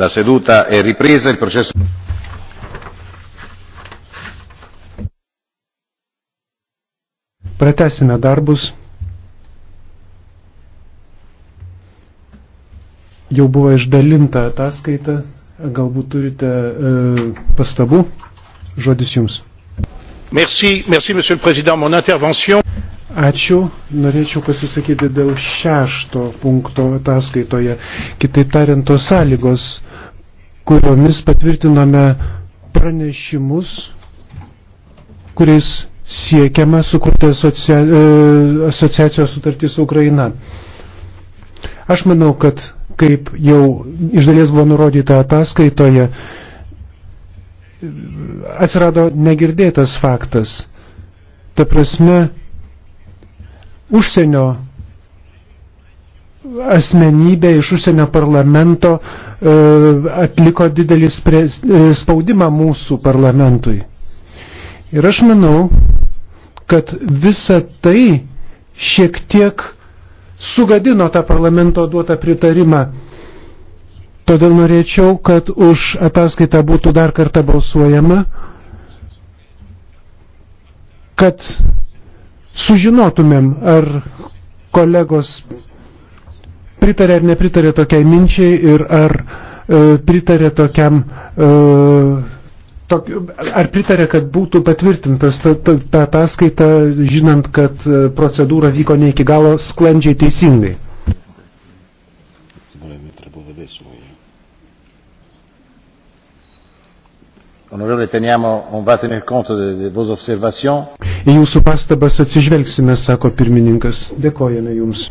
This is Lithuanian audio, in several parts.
La seduta è ripresa. Il processo... Pratesime darbus. Jau buvo išdalinta ataskaita. Galbūt turite e, pastabų? Žodis jums. Merci, merci, Monsieur le Président. Mon intervention. Ačiū. Norėčiau pasisakyti dėl šešto punkto ataskaitoje. Kitaip tariant, tos sąlygos, kuriomis patvirtiname pranešimus, kuriais siekiama sukurti asocia... E, asociacijos sutartį su Ukraina. Aš manau, kad kaip jau iš dalies buvo nurodyta ataskaitoje, atsirado negirdėtas faktas. Ta prasme, užsienio asmenybė iš užsienio parlamento e, atliko didelį e, spaudimą mūsų parlamentui. Ir aš manau, kad visa tai šiek tiek sugadino tą parlamento duotą pritarimą. Todėl norėčiau, kad už ataskaitą būtų dar kartą balsuojama, kad sužinotumėm, ar kolegos pritarė ar nepritarė tokiai minčiai ir ar e, pritarė tokiam e, tok, ar pritarė, kad būtų patvirtintas ta, ta, ta ataskaita, žinant, kad e, procedūra vyko ne iki galo sklandžiai teisingai. Volevamo adesso noi Honorable, teniamo, on va tenir compte de, de vos observations. Į jūsų pastabas atsižvelgsime, sako pirmininkas. Dėkojame jums.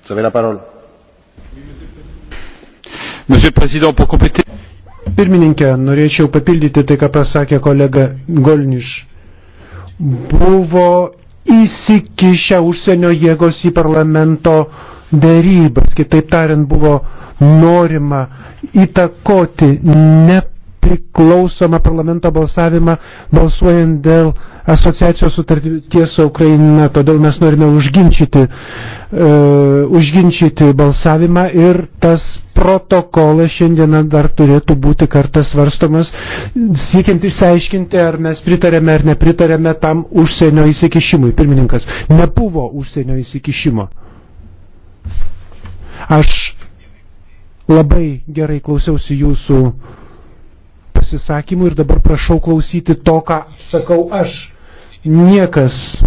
Vous avez la parole. Monsieur le Président, pour compléter. Pirmininkė, norėčiau papildyti tai, ką pasakė kolega Golniš. Buvo įsikišę užsienio jėgos į parlamento dėrybas. Kitaip tariant, buvo norima įtakoti nepriklausomą parlamento balsavimą balsuojant dėl asociacijos sutarties su Ukraina. Todėl mes norime užginčyti, uh, užginčyti balsavimą ir tas protokolas šiandieną dar turėtų būti kartas svarstomas, siekiant išsiaiškinti, ar mes pritarėme ar nepritarėme tam užsienio įsikišimui. Pirmininkas, nebuvo užsienio įsikišimo. Aš labai gerai klausiausi jūsų pasisakymų ir dabar prašau klausyti to, ką sakau aš. Niekas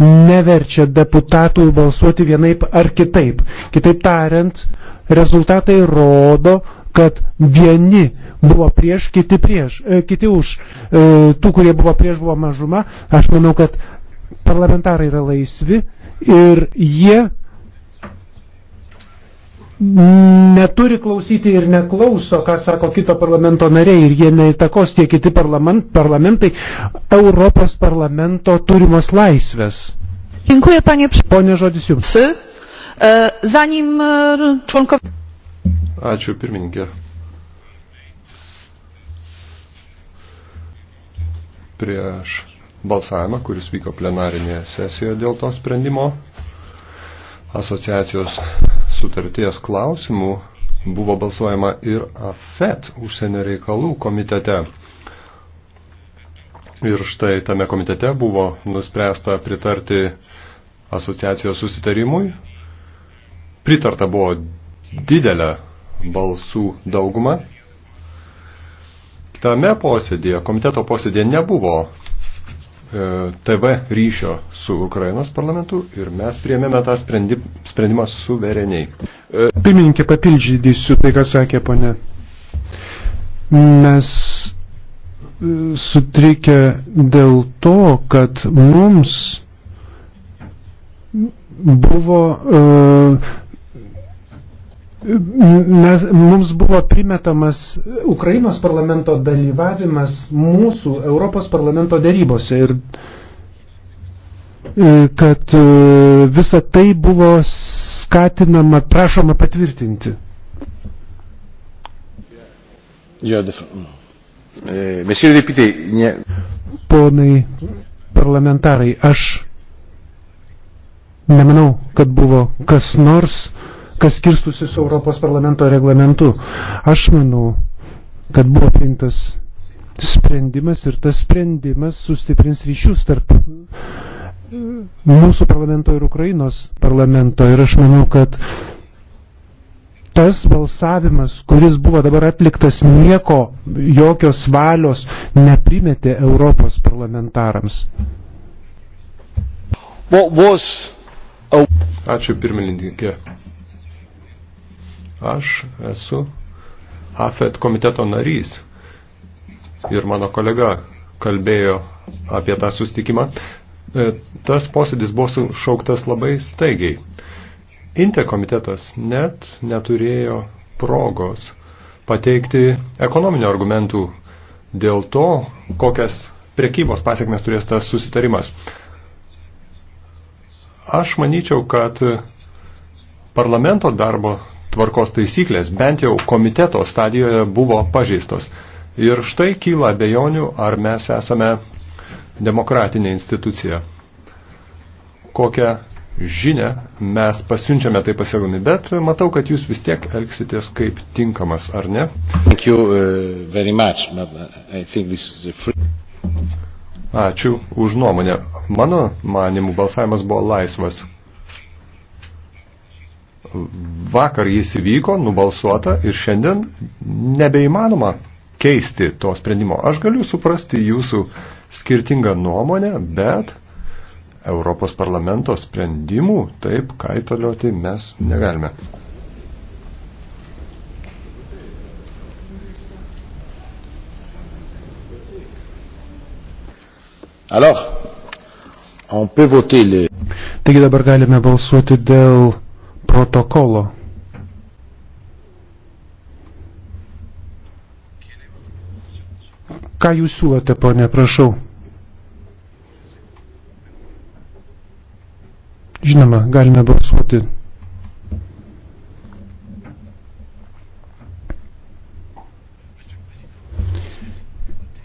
neverčia deputatų balsuoti vienaip ar kitaip. Kitaip tariant, Rezultatai rodo, kad vieni buvo prieš, kiti prieš, e, kiti už. E, tų, kurie buvo prieš, buvo mažuma. Aš manau, kad parlamentarai yra laisvi ir jie neturi klausyti ir neklauso, ką sako kito parlamento nariai ir jie neįtakos tie kiti parlament, parlamentai Europos parlamento turimos laisvės. Dziękuję panie Pone žodis jums. E, zanim e, członkowie. Ačiū pirmininkė. Prieš balsavimą, kuris vyko plenarinėje sesijoje dėl to sprendimo, asociacijos sutarties klausimų buvo balsuojama ir AFET užsienio reikalų komitete. Ir štai tame komitete buvo nuspręsta pritarti asociacijos susitarimui pritarta buvo didelę balsų daugumą. Tame posėdėje, komiteto posėdėje nebuvo e, TV ryšio su Ukrainos parlamentu ir mes priėmėme tą sprendimą suvereniai. E, pirmininkė papildžydysiu tai, ką sakė ponė. Mes e, sutrikę dėl to, kad mums buvo uh, mes, mums buvo primetamas Ukrainos parlamento dalyvavimas mūsų Europos parlamento dėrybose ir e, kad e, visa tai buvo skatinama, prašoma patvirtinti. E, Ponai parlamentarai, aš nemanau, kad buvo kas nors, kas kirstusi su Europos parlamento reglamentu. Aš manau, kad buvo priimtas sprendimas ir tas sprendimas sustiprins ryšius tarp mūsų parlamento ir Ukrainos parlamento. Ir aš manau, kad tas balsavimas, kuris buvo dabar atliktas, nieko, jokios valios neprimetė Europos parlamentarams. Ačiū pirmininkė. Aš esu AFET komiteto narys ir mano kolega kalbėjo apie tą sustikimą. E, tas posėdis buvo sušauktas labai staigiai. Inte komitetas net neturėjo progos pateikti ekonominių argumentų dėl to, kokias prekybos pasiekmes turės tas susitarimas. Aš manyčiau, kad parlamento darbo tvarkos taisyklės bent jau komiteto stadijoje buvo pažeistos. Ir štai kyla abejonių, ar mes esame demokratinė institucija. Kokią žinę mes pasiunčiame tai pasiekdami, bet matau, kad jūs vis tiek elgsitės kaip tinkamas, ar ne? Uh, Ačiū už nuomonę. Mano manimų balsavimas buvo laisvas vakar jis įvyko, nubalsuota ir šiandien nebeįmanoma keisti to sprendimo. Aš galiu suprasti jūsų skirtingą nuomonę, bet Europos parlamento sprendimų taip kaitalioti mes negalime. Alors, on peut voter les... Taigi dabar galime balsuoti dėl protokolo. Ką jūs siūlote, ponė, prašau? Žinoma, galime balsuoti.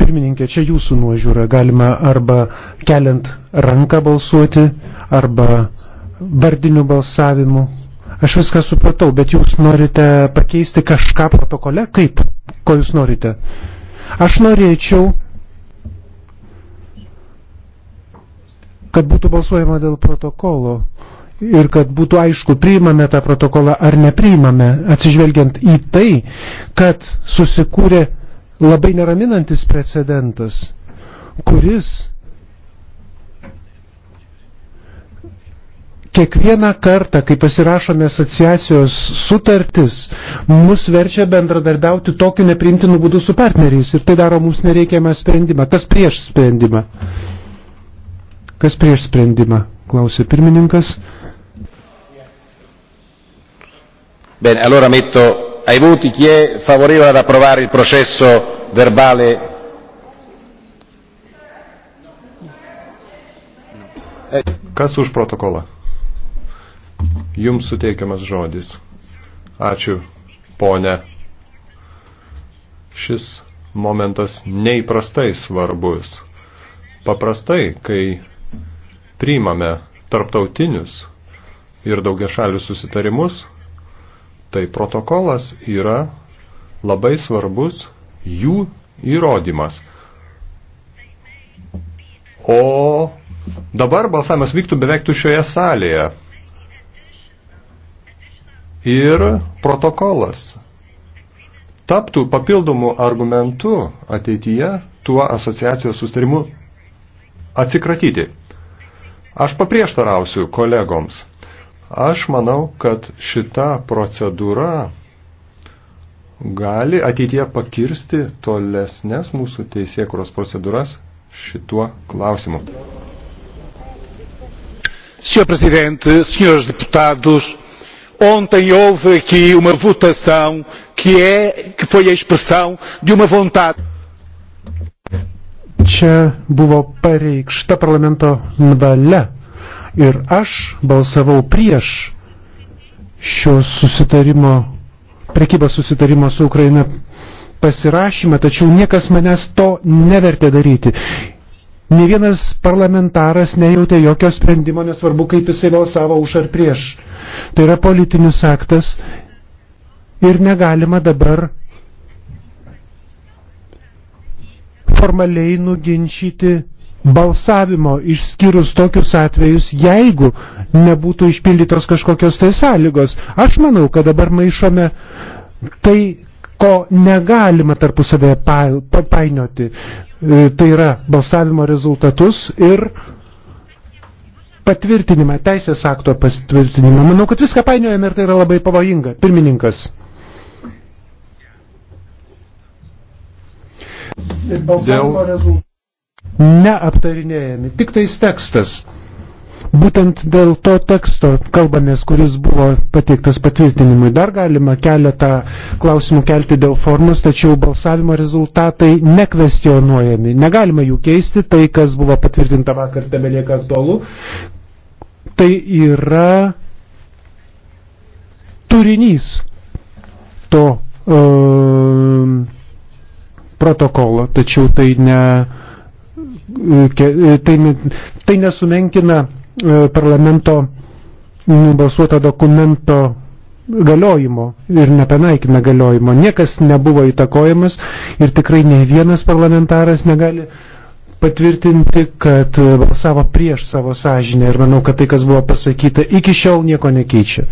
Pirmininkė, čia jūsų nuožiūra. Galima arba keliant ranką balsuoti, arba vardiniu balsavimu, Aš viską supratau, bet jūs norite pakeisti kažką protokole? Kaip? Ko jūs norite? Aš norėčiau, kad būtų balsuojama dėl protokolo ir kad būtų aišku, priimame tą protokolą ar nepriimame, atsižvelgiant į tai, kad susikūrė labai neraminantis precedentas, kuris Kiekvieną kartą, kai pasirašome asociacijos sutartis, mus verčia bendradarbiauti tokiu neprimtinu būdu su partneriais ir tai daro mums nereikiamą sprendimą. Kas prieš sprendimą? Kas prieš sprendimą? Klausė pirmininkas. Bene, allora metto ai voti chi è favorevole ad approvare il processo verbale. Kas už protokolą? Jums suteikiamas žodis. Ačiū, ponė. Šis momentas neįprastai svarbus. Paprastai, kai priimame tarptautinius ir daugiašalius susitarimus, tai protokolas yra labai svarbus jų įrodymas. O dabar balsavimas vyktų beveik tušioje salėje ir protokolas taptų papildomų argumentų ateityje tuo asociacijos sustarimu atsikratyti. Aš paprieštarausiu kolegoms. Aš manau, kad šita procedūra gali ateityje pakirsti tolesnės mūsų teisėkuros procedūras šituo klausimu. Senhor Presidente, senhores deputados, ontem houve aqui uma votação que, é, que foi a expressão de uma vontade. Čia buvo pareikšta parlamento valia ir aš balsavau prieš šio susitarimo, prekybos susitarimo su Ukraina pasirašymą, tačiau niekas manęs to nevertė daryti. Ne vienas parlamentaras nejautė jokio sprendimo, nesvarbu, kaip jisai balsavo už ar prieš. Tai yra politinis aktas ir negalima dabar formaliai nuginčyti balsavimo, išskyrus tokius atvejus, jeigu nebūtų išpildytos kažkokios tai sąlygos. Aš manau, kad dabar maišome tai, ko negalima tarpusavėje pa, pa, painioti. E, tai yra balsavimo rezultatus ir patvirtinimą, teisės akto patvirtinimą. Manau, kad viską painiojame ir tai yra labai pavojinga. Pirmininkas. Dėl... Neaptarinėjami, tik tais tekstas. Būtent dėl to teksto kalbamės, kuris buvo pateiktas patvirtinimui. Dar galima keletą klausimų kelti dėl formos, tačiau balsavimo rezultatai nekvestionuojami. Negalima jų keisti, tai kas buvo patvirtinta vakar tebelieka aktualu. Tai yra turinys to e, protokolo, tačiau tai ne. E, e, tai, tai nesumenkina E, parlamento nubalsuoto dokumento galiojimo ir nepenaikina galiojimo. Niekas nebuvo įtakojamas ir tikrai ne vienas parlamentaras negali patvirtinti, kad balsavo prieš savo sąžinę ir manau, kad tai, kas buvo pasakyta, iki šiol nieko nekeičia.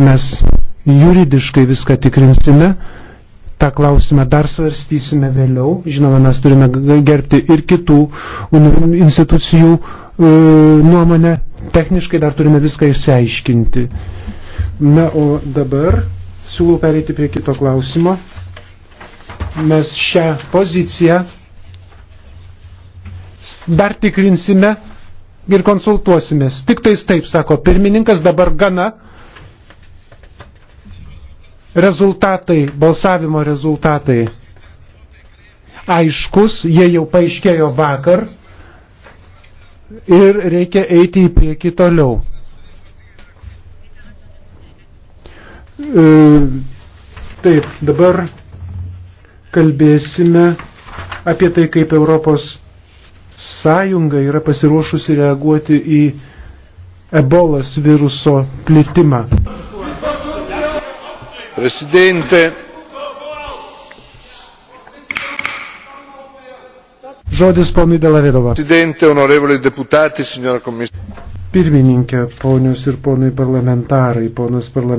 Mes juridiškai viską tikrinsime tą klausimą dar svarstysime vėliau. Žinoma, mes turime gerbti ir kitų institucijų e, nuomonę. Techniškai dar turime viską išsiaiškinti. Na, o dabar siūlau pereiti prie kito klausimo. Mes šią poziciją dar tikrinsime ir konsultuosimės. Tik tais taip, sako pirmininkas, dabar gana. Rezultatai, balsavimo rezultatai aiškus, jie jau paaiškėjo vakar ir reikia eiti į priekį toliau. E, taip, dabar kalbėsime apie tai, kaip Europos sąjunga yra pasiruošusi reaguoti į ebolas viruso plitimą. Presidente. Žodis ponui Delavedova. Presidente, onorevoli deputati, signora komisija. Pirmininkė, ponios ir ponai parlamentarai, ponas parlamentaras.